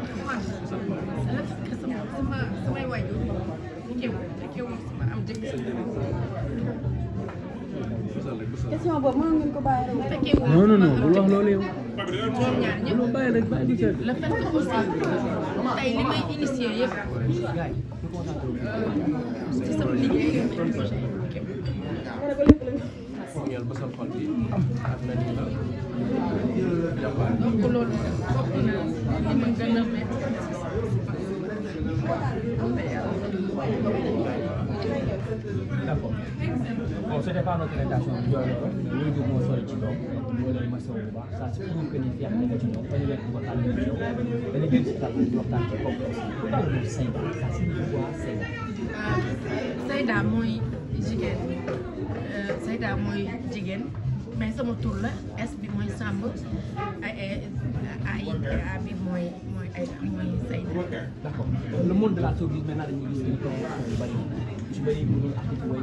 la fekk sama sama samay waajur ñu ñëw te kéw sama am jëkk question boobu mënoon ngeen ko bàyyi rek. fekkee wu non non non bul wax loolu yow. ñoom ñaar ñëpp loolu bàyyi rek bàyyi du la fait que aussi tey li may initier yëpp euh, ci sama liggéey projet dajal ba sa xol bi xam na ni la jàmbaar d'accord bon ce n'est pas notre intention di jooy loolu ñu moo sori ci doom moo leen masawu bu baax ça c'est pour que ni fiyax nga ci doom dañu leen waxtaan ñu ñëw dañu leen si tàggu di waxtaan ci complexe bi Seyda ça signifie quoi Seyda Seyda mooy jigéen Euh, Seyda mooy jigéen mais sama tur la S bi mooy Samb ay e, ay A bi mooy mooy Aïda mooy Seyda. d'accord le monde de la showbiz maintenant dañuy gis ñu toog ñu bëri ñu bëri ñu ngi artiste way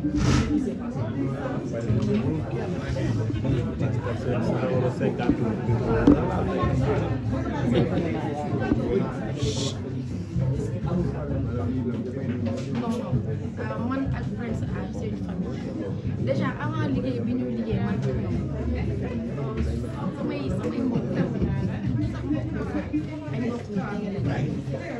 man ak Prince Art c'est une famille déjà avant liggéey bi ñu liggéey man ak ñoom samay samay mbokk ay mbokk yu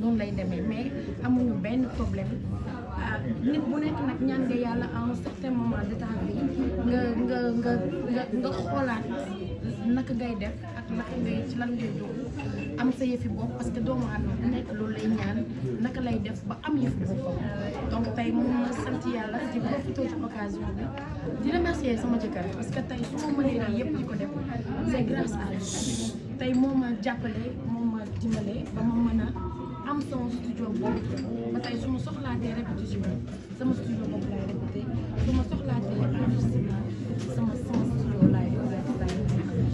noonu lay demee mais amuñu benn problème ah, nit bu nekk nag ñaan nga yàlla à un certain de temps bi nga nga nga nga nga xoolaat naka ngay def ak naka ngay ci lan ngay dugg am sa yëfi bopp parce que doomu nekk loolu lay ñaan naka lay def ba am yëfi boppam donc tey mun a sant yàlla di profité ci occasion bi di sama jëkkër parce que tey su ma yëpp di ko def c'est jàppale moo ma dimbale ba ma mën a am sama studio bopp ba tey su ma soxlaatee répétition sama studio bopp laay répété su ma soxlaatee enregistrement sama sama studio laay laay laay.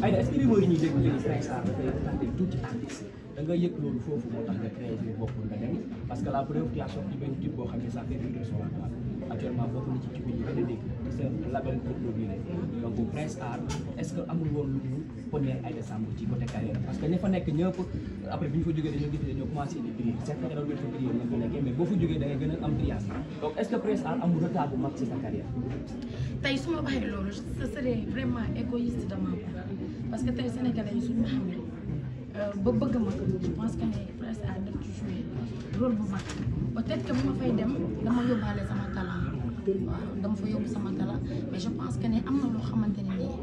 ay est-ce que rumeur yi ñuy dégg léegi cinq star dafay tardé tuuti artiste da nga yëg loolu foofu moo tax nga créé seen bopp nga dem parce que la preuve tu as sorti benn titre boo xam ne ça fait rire sur la toile actuellement bokk na ci ci biir gën a dégg Prince Art est ce que amul woon lu mu poñeel ay ci côté carrière parce que ña fa nekk ñëpp après bi ñu fa jógee dañoo gis dañoo commencé di prier certes nga doon fa gën a am trias donc est ce que Prince Art amul retard bu mag ci sa carrière loolu ce serait vraiment égoïste de ma part parce que tey sénégalais yi suñu ma xam euh, ba bëgg ma je que ne Prince Art ci joué rôle bu mag peut être que bu ma fay dem dama yóbbaale sama dama fa yóbbu sama dara mais je pense que ne am na loo xamante ne nii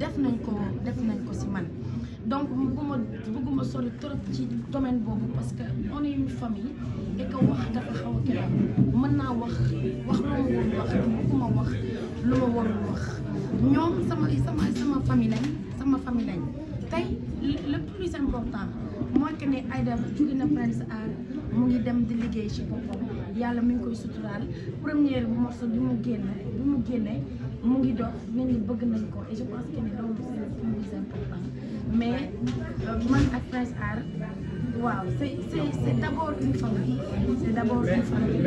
def nañ ko def nañ ko si man donc bugguma bugguma soli trop ci domaine boobu parce que on est une famille et que wax dafa xaw a gën mën naa wax wax lu ma warul wax bugguma wax lu ma warul wax ñoom sama sama sama famille lañ sama famille lañ tey le plus important mooy que ni Aïda jóge na Prince Art mu ngi dem di liggéey ci boppam yàlla mi ngi koy suturaal première morceau bi mu génn bi mu génne mu ngi dox nit ñi bëgg nañ ko mais man ak Prince Art waaw c'est c'est c'est d'abord une famille c'est d'abord une famille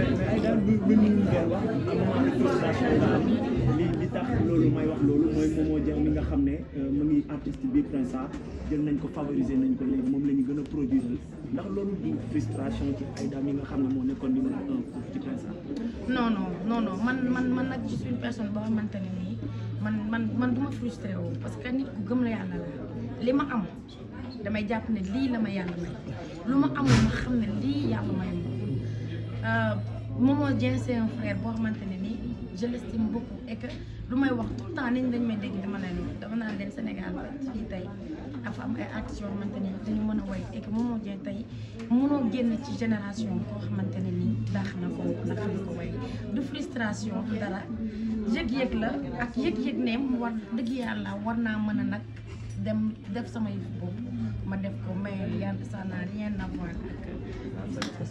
tax loolu may wax loolu mooy Momo Dieng mi nga xam ne euh, mu ngi artiste bi Prince jël nañ ko favoriser nañ ko léegi moom la ñu gën a produire ndax loolu du frustration ci Aïda mi nga xam ne moo nekkoon numéro un ci Prince man man man nag je boo xamante ne man man man du ma frustré woo parce que nit ku gëm la yàlla la li ma am damay jàpp ne lii la ma yàlla may lu ma amul ma xam ne lii yàlla may euh, Momo Dieng c'est un frère boo xamante nii je l'estime beaucoup et lu may wax tout le temps nit may dégg dama leen dama naan leen Sénégal fii tey dafa am ay actes yoo xamante ne dañu mën a way et que Momo Dieng tey mënoo génn ci génération koo xamante ne nii daax na ko ndax xam na ko way du frustration dara yëg-yëg la ak yëg-yëg ne war dëgg yàlla war naa mën a nag dem def sama yëf bopp ma def ko mais yàlla ça n'a rien à voir ak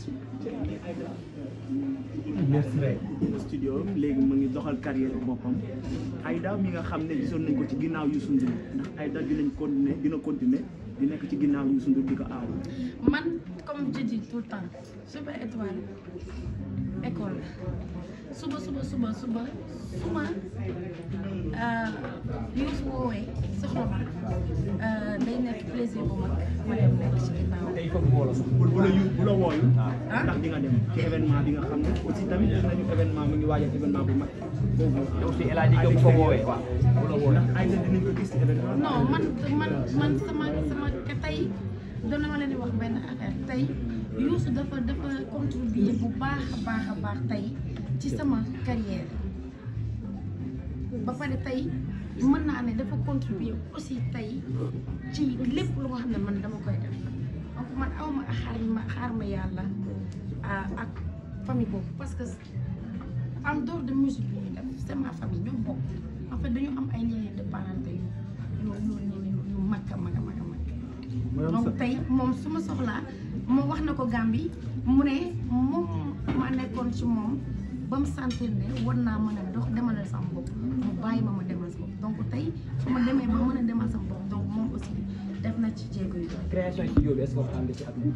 studio léegi mu ngi doxal carrière boppam Aïda mi nga xam ne gisoon nañ ko ci ginnaaw Youssou Ndour ndax Aïda dinañ continuer dina continuer di nekk ci ginnaaw Youssou Ndour di ko aaw man comme je dis tout Super Étoile école suba suba suba suba suma li su woowee suba, ma day nekk plaisir bu mag ma dem nekk ci ginnaaw. tey foog woo la sax bu bu la yu bu la wooyu. ndax di ma dem ci événement bi nga xam ne aussi tamit nañu événement mu ngi waajal événement bu mag boobu. yow si El Hadj Diop bu ko woowee waaw bu la wooyee. ay na dinañ ko gis événement. non man man man sama sama ketai, dona na ma leen di wax benn affaire tey Youssou dafa dafa contribuer bu baax a baax tey ci sama carrière ba pare tey mën na am ne dafa contribuer aussi tey ci lépp lu nga xam ne man dama koy def donc man awma xaar ma xaar ma yàlla ah, ak famille boobu parce que en dor de musique bi def c'est famille ñoom bokk en fait dañu am ay liens de parenté yu yu yu yu mag a moom tey moom su ma soxlaa moom wax na ko Gàmbi mu ne moom ma nekkoon ci moom ba mu sentir ne war naa mën a dox demalal sama bopp mu bàyyi ma ma demal sama bopp donc tey su ma demee ba mën a demal sama bopp donc moom aussi def na ci jéego yi. création studio bi est-ce que waxtaan ci ak moom.